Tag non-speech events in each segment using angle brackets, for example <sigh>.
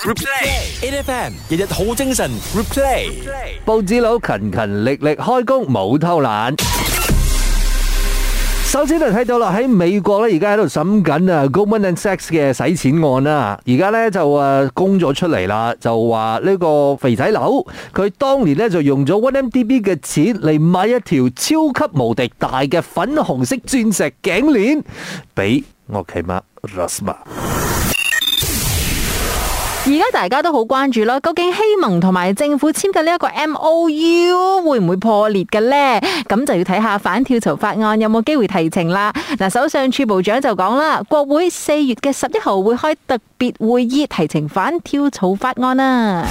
Replay，AFM 日日好精神。Replay，報紙佬勤勤力力開工，冇偷懶。首先就睇到啦，喺美國咧，而家喺度審緊啊，Goldman Sachs 嘅洗錢案啦。而家咧就誒公咗出嚟啦，就話呢個肥仔劉，佢當年咧就用咗 1MDB 嘅錢嚟買一條超級無敵大嘅粉紅色鑽石頸鏈，俾我契媽 Rasma 而家大家都好關注咯，究竟希盟同埋政府簽嘅呢一個 MOU 會唔會破裂嘅呢？咁就要睇下反跳槽法案有冇機會提呈啦。嗱，首相署部長就講啦，國會四月嘅十一號會開特別會議提呈反跳槽法案啊。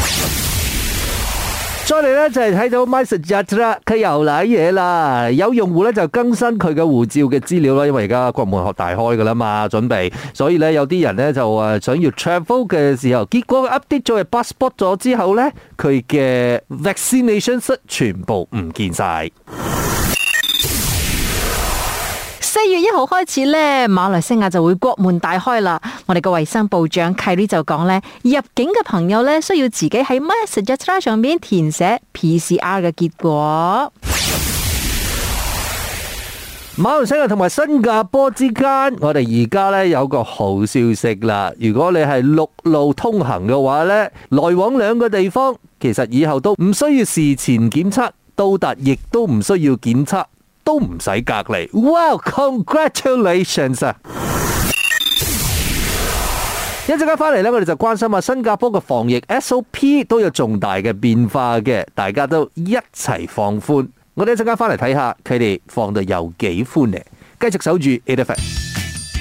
再嚟咧就係睇到 MySejahtera 啦，佢又瀨嘢啦。有用戶咧就更新佢嘅護照嘅資料啦，因為而家國門學大開㗎啦嘛，準備。所以咧有啲人咧就話想要 travel 嘅時候，結果 update 咗 passport 咗之後咧，佢嘅 vaccination 室全部唔見晒。四月一號開始咧，馬來西亞就會國門大開啦。我哋個衛生部長 Khairy 就講咧，入境嘅朋友咧需要自己喺 MySejahtera 上面填寫 PCR 嘅結果。馬來西亞同埋新加坡之間， <noise> 我哋而家咧有個好消息啦。如果你係陸路通行嘅話咧，來往兩個地方，其實以後都唔需要事前檢測，到達亦都唔需要檢測。都唔使隔離，Well, Congratulations 啊！一陣間翻嚟咧， <noise> 我哋就關心啊，新加坡嘅防疫 SOP 都有重大嘅變化嘅，大家都一齊放寬。我哋一陣間翻嚟睇下佢哋放到有幾寬咧，繼續守住 Elephant,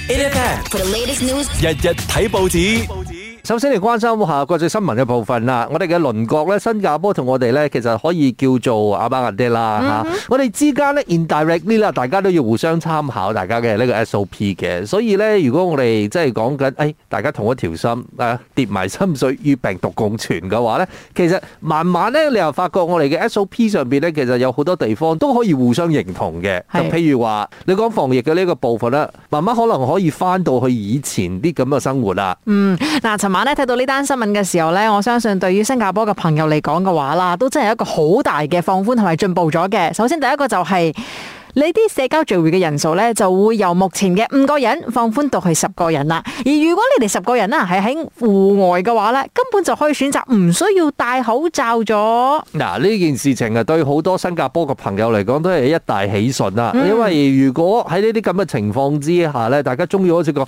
Elephant, for the latest news 日日睇報紙。報紙。首先嚟關心下國際新聞嘅部分啦，我哋嘅鄰國咧，新加坡同我哋咧，其實可以叫做阿巴阿爹啦吓，我哋之間咧，indirectly 啦，大家都要互相參考，大家嘅呢個 SOP 嘅，所以咧，如果我哋即係講緊，誒、哎，大家同一條心，誒、啊，疊埋心水，與病毒共存嘅話咧，其實慢慢咧，你又發覺我哋嘅 SOP 上邊咧，其實有好多地方都可以互相認同嘅，咁譬如話，你講防疫嘅呢個部分咧，慢慢可能可以翻到去以前啲咁嘅生活啦。嗯，嗱、啊今晚睇到呢單新聞嘅時候咧，我相信對於新加坡嘅朋友嚟講嘅話啦，都真係一個好大嘅放寬同埋進步咗嘅。首先第一個就係、是、你啲社交聚會嘅人數咧，就會由目前嘅五個人放寬到係十個人啦。而如果你哋十個人啦係喺戶外嘅話咧，根本就可以選擇唔需要戴口罩咗。嗱，呢件事情啊，對好多新加坡嘅朋友嚟講都係一大喜訊啦、嗯。因為如果喺呢啲咁嘅情況之下咧，大家終於可以講。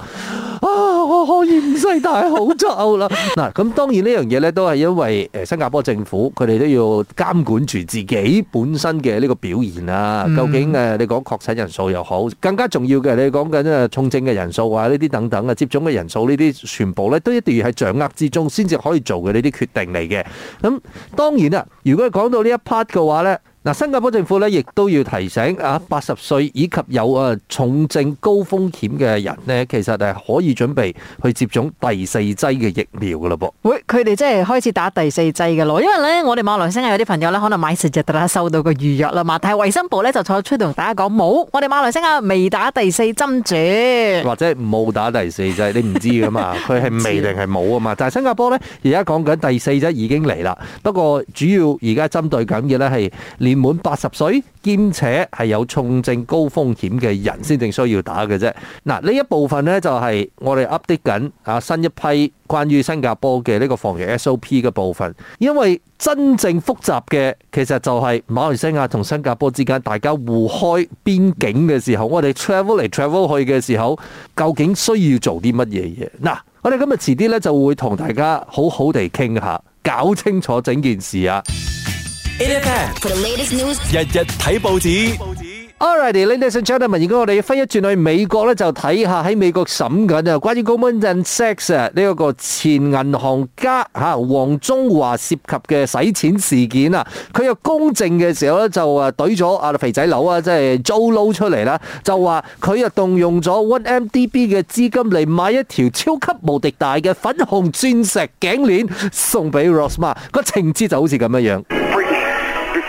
<laughs> <laughs> 啊！我可以唔使戴口罩啦。嗱，咁當然呢樣嘢呢都係因為誒新加坡政府佢哋都要監管住自己本身嘅呢個表現啊。究竟、誒、你講確診人數又好，更加重要嘅，你講緊誒重症嘅人數啊，呢啲等等啊，接種嘅人數呢啲，全部呢都一定要喺掌握之中，先至可以做嘅呢啲決定嚟嘅。咁當然啦、啊，如果你講到呢一 part 嘅話呢。嗱，新加坡政府咧，亦都要提醒啊，八十歲以及有啊重症高風險嘅人呢，其實係可以準備去接種第四劑嘅疫苗噶啦噃。喂，佢哋即係開始打第四劑噶咯，因為咧我哋馬來西亞有啲朋友咧，可能買食只特啦，收到個預約啦嘛。但係衛生部咧就坐出度同大家講冇，我哋馬來西亞未打第四針住。或者冇打第四劑，你唔知噶嘛，佢係未定係冇啊嘛。但係新加坡咧，而家講緊第四劑已經嚟啦。不過主要而家針對緊嘅咧係滿八十歲兼且係有重症高風險嘅人先正需要打嘅啫。嗱，呢一部分呢，就係我哋 update 緊啊新一批關於新加坡嘅呢個防疫 SOP 嘅部分。因為真正複雜嘅其實就係馬來西亞同新加坡之間大家互開邊境嘅時候，我哋 travel 嚟 travel 去嘅時候，究竟需要做啲乜嘢嘢？嗱，我哋今日遲啲呢，就會同大家好好地傾下，搞清楚整件事啊！日日睇報紙。All righty，ladies and gentlemen。而家我哋翻一轉去美國咧，就睇下喺美國審緊啊，關於 Goldman Sachs 呢一個前銀行家吓黃中華涉及嘅洗錢事件啊。佢又公證嘅時候咧，就啊懟咗阿肥仔佬啊，即係 Jho Low 出嚟啦，就話佢啊動用咗 1MDB 嘅資金嚟買一條超級無敵大嘅粉紅鑽石頸鏈送俾 Rosmah 個情節就好似咁樣樣。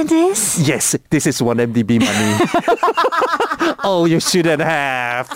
Yes, this is 1MDB money. Oh, you shouldn't have.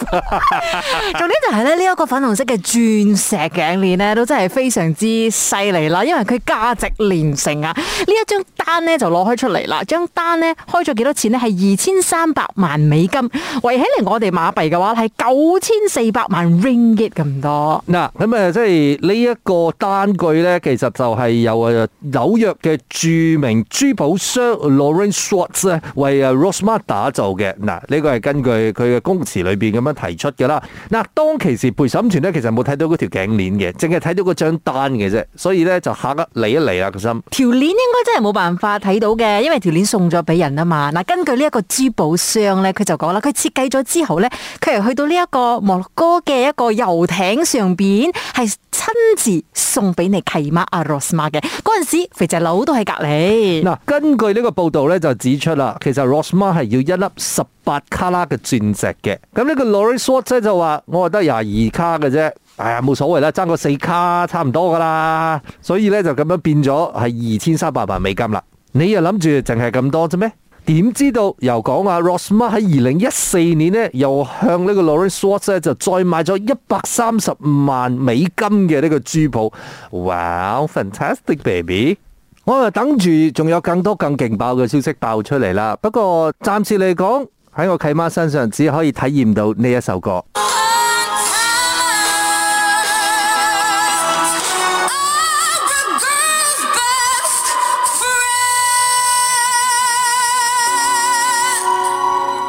重點就係咧呢一個粉紅色嘅鑽石頸鏈咧，都真係非常之犀利啦。因為佢價值連城啊！呢一張單咧就攞開出嚟啦，張單咧開咗幾多錢咧？係二千三百萬美金，圍起嚟我哋馬幣嘅話係九千四百萬 Ringgit 咁多。嗱咁誒，即係呢一個單據咧，其實就係由誒紐約嘅著名珠寶商。勞瑞斯沃茲咧為阿 Rosmar 打造嘅，嗱，呢個係根據佢嘅供詞裏邊咁樣提出嘅啦。嗱，當其時陪審團呢其實冇睇到嗰條頸鏈嘅，淨係睇到個張單嘅啫，所以呢就吓得嚟一嚟啦個心。條鏈應該真係冇辦法睇到嘅，因為條鏈送咗俾人啊嘛。嗱，根據呢一個珠寶商咧，佢就講啦，佢設計咗之後呢，佢去到呢一個摩洛哥嘅一個遊艇上邊，係親自送俾你契媽阿 Rosmar 嘅。嗰陣時肥仔佬都喺隔籬。嗱，根據呢個報道咧就指出啦，其實 Rossmann 係要一粒十八卡拉嘅鑽石嘅。咁呢個 Laurie Schwartz 就話：我話得廿二卡嘅啫。哎呀，冇所謂啦，爭個四卡差唔多噶啦。所以咧就咁樣變咗係二千三百萬美金啦。你又諗住淨係咁多啫咩？點知道又講話 Rossmann 喺二零一四年呢又向呢個 Laurie Schwartz 咧就再買咗一百三十萬美金嘅呢個珠寶。Wow，fantastic baby！我又等住，仲有更多更勁爆嘅消息爆出嚟啦！不過暫時嚟講，喺我契媽身上只可以體驗到呢一首歌。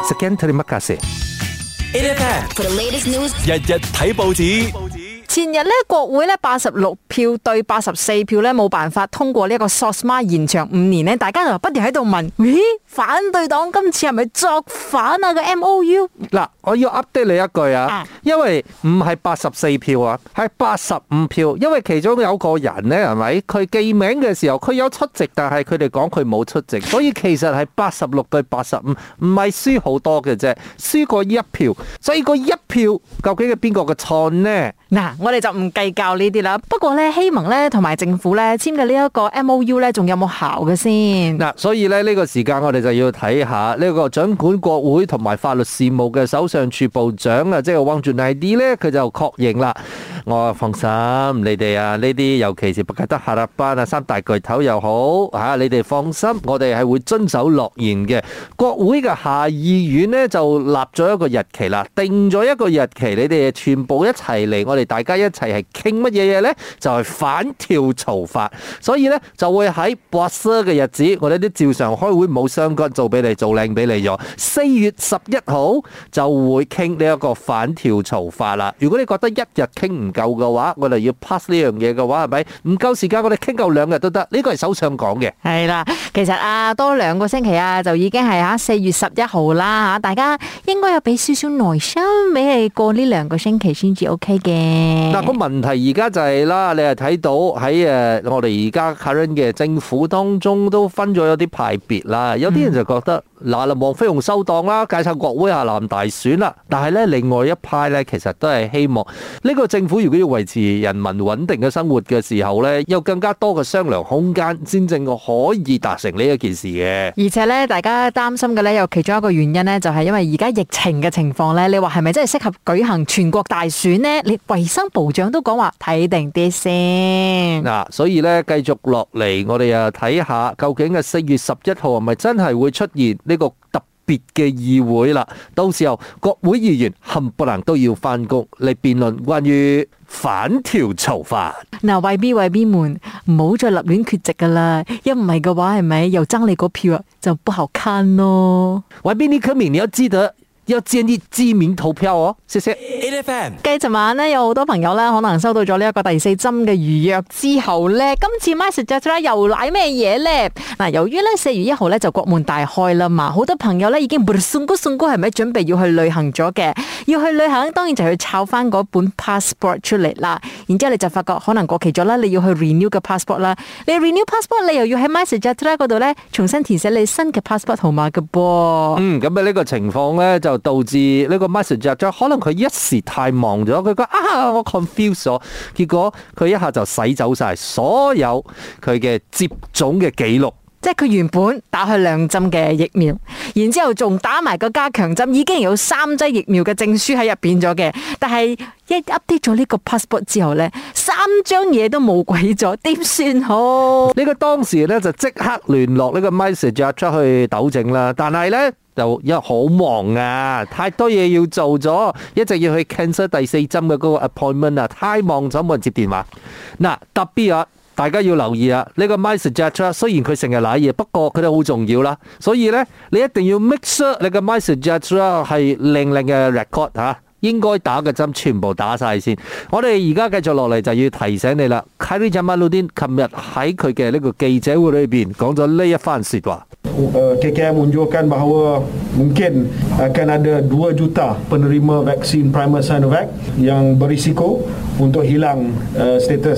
識堅持，唔卡死。依家睇報紙。前日咧，國會咧八十六票對八十四票咧，冇辦法通過呢一個 SOSMA 延長五年咧。大家就不斷喺度問：咦，反對黨今次係咪作反啊？個 MOU 嗱，我要 update 你一句啊，啊因為唔係八十四票啊，係八十五票，因為其中有個人咧係咪佢記名嘅時候佢有出席，但係佢哋講佢冇出席，所以其實係八十六對八十五，唔係輸好多嘅啫，輸過一票。所以個一票究竟係邊個嘅錯呢？」嗱、啊，我哋就唔計較呢啲啦。不過咧，希盟咧同埋政府咧簽嘅呢一個 MOU 咧，仲有冇效嘅先？嗱、啊，所以咧呢、這個時間我哋就要睇下呢、這個掌管國會同埋法律事務嘅首相署部長啊，即係汪俊 i 啲咧，佢就確認啦。我放心，你哋啊呢啲，尤其是不吉德哈納班啊，三大巨頭又好吓、啊，你哋放心，我哋係會遵守諾言嘅。國會嘅下議院咧就立咗一個日期啦，定咗一個日期，你哋全部一齊嚟我哋。大家一齊係傾乜嘢嘢呢？就係、是、反跳槽法，所以呢，就會喺博嘥嘅日子，我哋啲照常開會關，冇相干做俾你，做靚俾你咗。四月十一號就會傾呢一個反跳槽法啦。如果你覺得一日傾唔夠嘅話，我哋要 pass 呢樣嘢嘅話，係咪唔夠時間？我哋傾夠兩日都得。呢個係首相講嘅。係啦，其實啊，多兩個星期啊，就已經係啊四月十一號啦。吓，大家應該有俾少少耐心，俾你過呢兩個星期先至 OK 嘅。嗱個問題而家就係、是、啦，你係睇到喺誒我哋而家 current 嘅政府當中都分咗有啲派別啦，有啲人就覺得嗱啦、嗯，王飛鴻收檔啦，解散國會下南大選啦，但係咧另外一派咧其實都係希望呢個政府如果要維持人民穩定嘅生活嘅時候咧，有更加多嘅商量空間，先正個可以達成呢一件事嘅。而且咧，大家擔心嘅咧有其中一個原因咧，就係、是、因為而家疫情嘅情況咧，你話係咪真係適合舉行全國大選咧？你為衛生部長都講話睇定啲先，嗱，所以咧繼續落嚟，我哋啊睇下究竟係四月十一號係咪真係會出現呢個特別嘅議會啦？到時候國會議員冚唪唥都要翻工嚟辯論關於反跳槽法。嗱，YB YB 們，唔好再立亂缺席噶啦，一唔係嘅話係咪又爭你嗰票啊？就不好坑咯。YB 尼克敏，你要記得。要知啲知名投票哦，謝 <noise> 謝樂。繼續， <music> <music> 今晚咧有好多朋友咧，可能收到咗呢一個第四針嘅預約之後咧，今次 MySejahtera 又嚟咩嘢咧？嗱，由於咧四月一號咧就國門大開啦嘛，好多朋友咧已經送哥送哥，係咪準備要去旅行咗嘅？要去旅行，當然就去抄翻嗰本 passport 出嚟啦。然之後你就發覺可能過期咗啦，你要去 renew 嘅 passport 啦。你 renew passport，你又要喺 MySejahtera 嗰度咧重新填寫你的新嘅 passport 號碼㗎噃。嗯，咁啊呢個情況咧就。就導致呢個 message 就可能佢一時太忙咗，佢講啊，我 confuse 咗，結果佢一下就洗走晒所有佢嘅接種嘅記錄。即係佢原本打去兩針嘅疫苗，然之後仲打埋個加強針，已經有三劑疫苗嘅證書喺入邊咗嘅。但係一 update 咗呢個 passport 之後呢，三張嘢都冇鬼咗，點算好？呢個當時呢就即刻聯絡呢個 message 出去糾正啦，但係呢。就因為好忙啊，太多嘢要做咗，一直要去 cancel 第四針嘅嗰個 appointment 啊，太忙咗冇人接電話。嗱，特別啊，大家要留意啊，呢個 message 啊，雖然佢成日瀨嘢，不過佢哋好重要啦，啊。所以咧，你一定要 make sure 你個 message 啊係靚靚嘅 record 嚇。應該打嘅針全部打晒先。我哋而家繼續落嚟，就要提醒你啦。Kari Jamaludin 琴日喺佢嘅呢個記者會裏面講咗呢一番說話、呃。即 k m 文莊坎馬洛文下周一段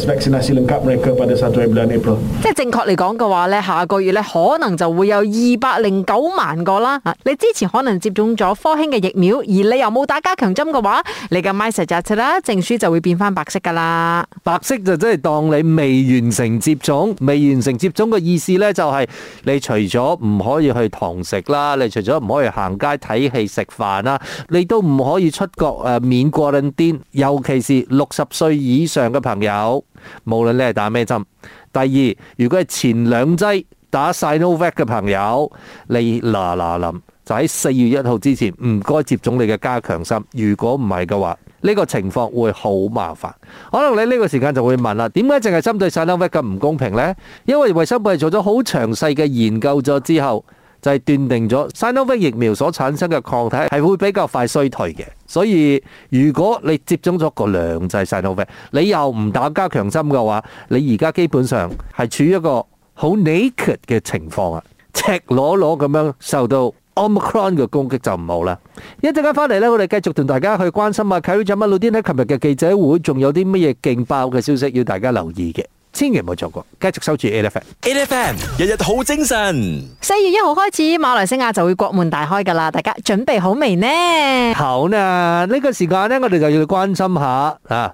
正確嚟講嘅話下個月可能就會有二百零九萬個啦。你之前可能接種咗科興嘅疫苗，而你又冇打加強針話，你嘅 myshot 啦，證書就會變翻白色噶啦。白色就即係當你未完成接種，未完成接種嘅意思呢，就係你除咗唔可以去堂食啦，你除咗唔可以行街睇戲食飯啦，你都唔可以出國誒、啊，免過論癲，尤其是六十歲以上嘅朋友，無論你係打咩針。第二，如果係前兩劑打晒 Sinovac 嘅朋友，你嗱嗱臨。就喺四月一號之前唔該接種你嘅加強針。如果唔係嘅話，呢、這個情況會好麻煩。可能你呢個時間就會問啦，「點解淨係針對 Sinovac 咁唔公平呢？」因為衞生部係做咗好詳細嘅研究咗之後，就係、是、斷定咗 Sinovac 疫苗所產生嘅抗體係會比較快衰退嘅。所以如果你接種咗個兩劑 Sinovac，你又唔打加強針嘅話，你而家基本上係處於一個好 naked 嘅情況啊，赤裸裸咁樣受到。Omicron 嘅攻擊就唔好啦，一陣間翻嚟咧，我哋繼續同大家去關心啊。蔡偉長乜老啲喺琴日嘅記者會，仲有啲乜嘢勁爆嘅消息要大家留意嘅，千祈唔好錯過。繼續收住 A F M，A F M 日日好精神。四月一號開始，馬來西亞就會國門大開噶啦，大家準備好未呢？好啊，呢個時間咧，我哋就要去關心下啊。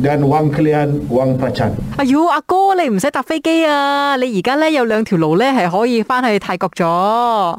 跟 Bangklian、Bang Pa Chan。哎呦，阿哥你唔使搭飛機啊！你而家咧有兩條路咧係可以翻去泰國咗。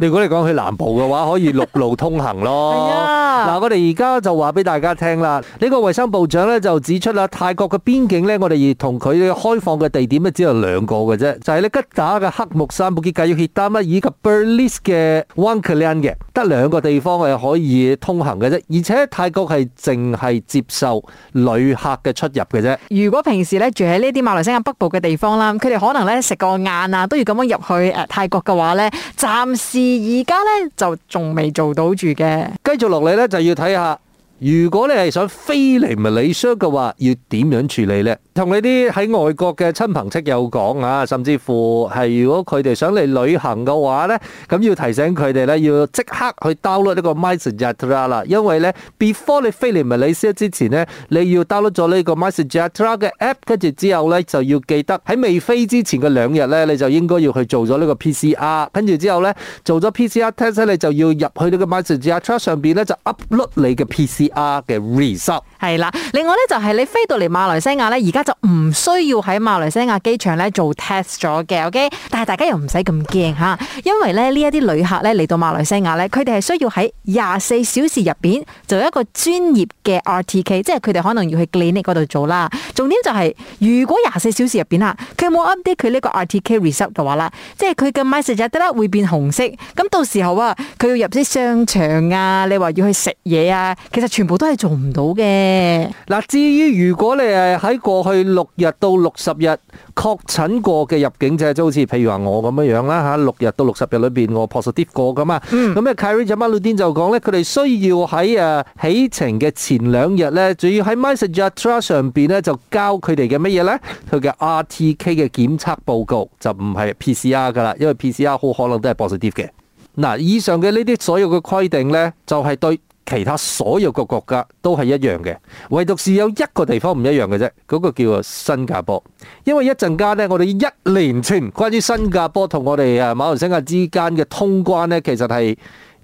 如果你講去南部嘅話，可以陸路通行咯。係啊，嗱我哋而家就話俾大家聽啦。呢個衞生部長咧就指出啦，泰國嘅邊境咧，我哋而同佢開放嘅地點咧只有兩個嘅啫，就係咧吉打嘅黑木山，Bukit Kayu Hitam 啦，以及 Perlis 嘅 Wang Kelian 嘅，得兩個地方係可以通行嘅啫。而且泰國係淨係接受旅客嘅出。入嘅啫。如果平時咧住喺呢啲馬來西亞北部嘅地方啦，佢哋可能咧食個晏啊，都要咁樣入去誒泰國嘅話咧，暫時而家咧就仲未做到住嘅。繼續落嚟咧就要睇下。如果你係想飛嚟馬來西亞嘅話，要點樣處理呢？同你啲喺外國嘅親朋戚友講啊，甚至乎係如果佢哋想嚟旅行嘅話呢，咁要提醒佢哋呢，要即刻去 download 呢個 MySejahtera 啦。因為呢 before 你飛嚟馬來西亞之前呢，你要 download 咗呢個 MySejahtera app，跟住之後呢，就要記得喺未飛之前嘅兩日呢，你就應該要去做咗呢個 PCR，跟住之後呢，做咗 PCR，test，你就要入去呢個 MySejahtera 上面呢，就 upload 你嘅 PCR。啊嘅 result 係啦，另外咧就係你飛到嚟馬來西亞咧，而家就唔需要喺馬來西亞機場咧做 test 咗嘅，OK，但係大家又唔使咁驚吓，因為咧呢一啲旅客咧嚟到馬來西亞咧，佢哋係需要喺廿四小時入邊做一個專業嘅 RTK，即係佢哋可能要去 clinic 嗰度做啦。重點就係如果廿四小時入邊啦，佢冇 update 佢呢個 RTK result 嘅話啦，即係佢嘅 MySejahtera 會變紅色，咁到時候啊，佢要入啲商場啊，你話要去食嘢啊，其實全全部都係做唔到嘅。嗱，至於如果你係喺過去六日到六十日確診過嘅入境者，就好似譬如話我咁樣樣啦吓，六日到六十日裏邊我 positive 過噶嘛。咁啊，Khairy Jamaluddin 就講咧，佢哋需要喺起程嘅前兩日咧，仲要喺 MySejahtera 上邊咧就交佢哋嘅乜嘢咧？佢嘅 RTK 嘅檢測報告就唔係 PCR 噶啦，因為 PCR 好可能都係 positive 嘅。嗱，以上嘅呢啲所有嘅規定咧，就係對。其他所有個國家都係一樣嘅，唯獨是有一個地方唔一樣嘅啫，嗰個叫做新加坡。因為一陣間咧，我哋一連串關於新加坡同我哋馬來西亞之間嘅通關咧，其實係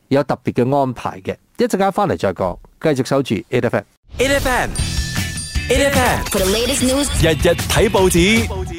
有特別嘅安排嘅。一陣間翻嚟再講，繼續守住。A F N, for the latest news，日日睇報紙。報紙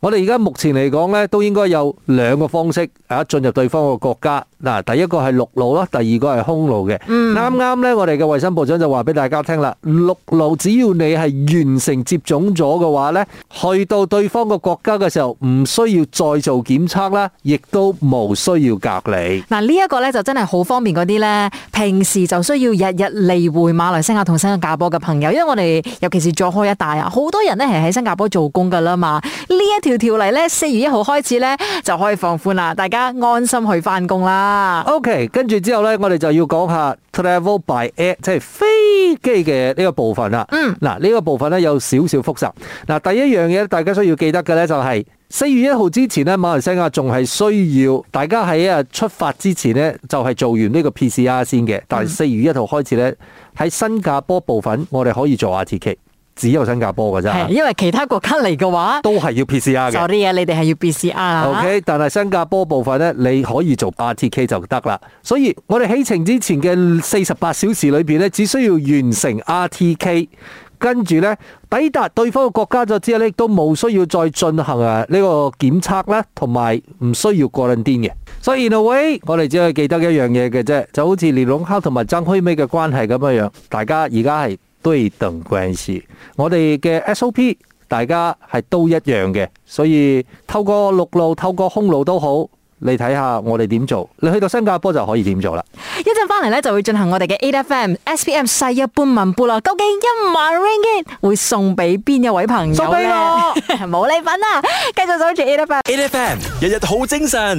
我哋而家目前嚟講咧，都應該有兩個方式啊進入對方個國家。嗱，第一個係陸路啦，第二個係空路嘅。嗯，啱啱咧，我哋嘅衞生部長就話俾大家聽啦，陸路只要你係完成接種咗嘅話咧，去到對方個國家嘅時候，唔需要再做檢測啦，亦都冇需要隔離。嗱，呢一個咧就真係好方便嗰啲咧，平時就需要日日嚟回馬來西亞同新加坡嘅朋友，因為我哋尤其是在開一帶啊，好多人咧係喺新加坡做工噶啦嘛，呢一條。條條例咧，四月一號開始咧就可以放寬啦，大家安心去翻工啦。OK，跟住之後咧，我哋就要講下 travel by air，即係飛機嘅呢個部分啦。嗯，嗱呢、呢個部分咧有少少複雜。嗱第一樣嘢，大家需要記得嘅咧就係、是、四月一號之前咧，馬來西亞仲係需要大家喺啊出發之前咧就係、是、做完呢個 PCR 先嘅。但係四月一號開始咧喺、嗯、新加坡部分，我哋可以做下 ATK。只有新加坡嘅啫，因為其他國家嚟嘅話，都係要 PCR 嘅。做啲嘢你哋係要 PCR O、okay, K，但係新加坡部分呢，你可以做 RTK 就得啦。所以我哋起程之前嘅四十八小時裏邊呢，只需要完成 RTK，跟住呢，抵達對方嘅國家咗之後呢，都冇需要再進行誒呢個檢測啦，同埋唔需要過境癲嘅。所、so、以 Anyway，我哋只係記得一樣嘢嘅啫，就好似李龍哈同埋曾虛美嘅關係咁樣樣，大家而家係。對等關係，我哋嘅 SOP 大家係都一樣嘅，所以透過陸路透過空路都好，你睇下我哋點做，你去到新加坡就可以點做啦。一陣翻嚟咧就會進行我哋嘅8 f m SPM 細一半萬步啦，究竟一萬 Ringgit 會送俾邊一位朋友？送俾我，冇禮品啦，繼 <laughs> 續守住8 f m 8 f m 日日好精神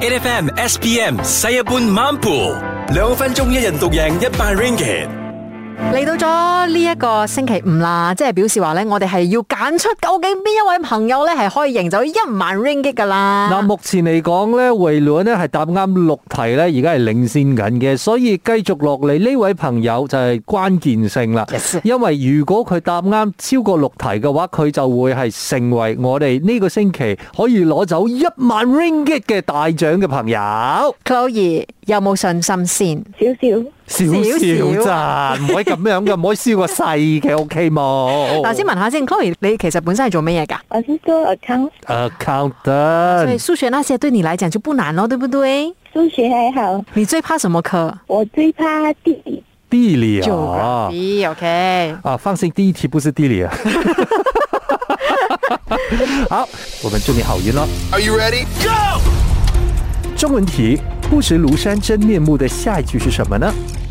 8 f m SPM 細一半萬步，兩分鐘一人獨贏一萬 Ringgit。嚟到咗呢一個星期五啦，即係表示話呢，我哋係要揀出究竟邊一位朋友呢係可以贏走一萬 ringgit 噶啦。嗱，目前嚟講呢，維倫呢係答啱六題呢，而家係領先緊嘅，所以繼續落嚟呢位朋友就係關鍵性啦。Yes. 因為如果佢答啱超過六題嘅話，佢就會係成為我哋呢個星期可以攞走一萬 ringgit 嘅大獎嘅朋友。Clary 有冇信心先？少少。小小咋，唔 <laughs> 可以咁樣噶，唔可以笑個細嘅，OK 冇？嗱，先問下先 k o r y 你其實本身係做咩嘢噶？我做 account。Account、啊。所以數學那些對你來講就不難咯，對不對？數學還好。你最怕什麼科？我最怕地理。地理啊，B OK。啊、哦，放心，第一題不是地理啊。 <laughs> <laughs> <laughs> 好，我們祝你好運咯。Are you ready? Go。中文題，不識廬山真面目的下一句是什麼呢？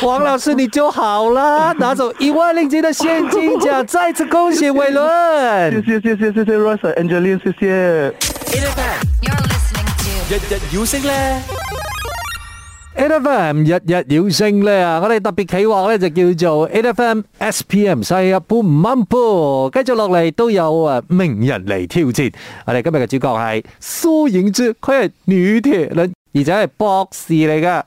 黃老師，你就好啦，拿走一萬令吉的現金獎，再次恭喜韋倫，謝謝謝謝謝謝 Rosa Angelina，謝謝。A F M 日日有聲咧，A F M 日日有聲咧啊！我哋特別企劃咧就叫做 A F M S P M 西日本 Mambo，繼續落嚟都有誒名人嚟挑戰。我哋今日嘅主角係蘇穎之，佢係女鐵輪，而且係博士嚟噶。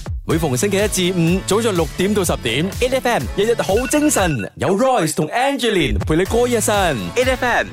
每逢星期一至五，早上六點到十點，8FM，日日好精神，有 Royce 同 Angeline 陪你過一晨，8FM。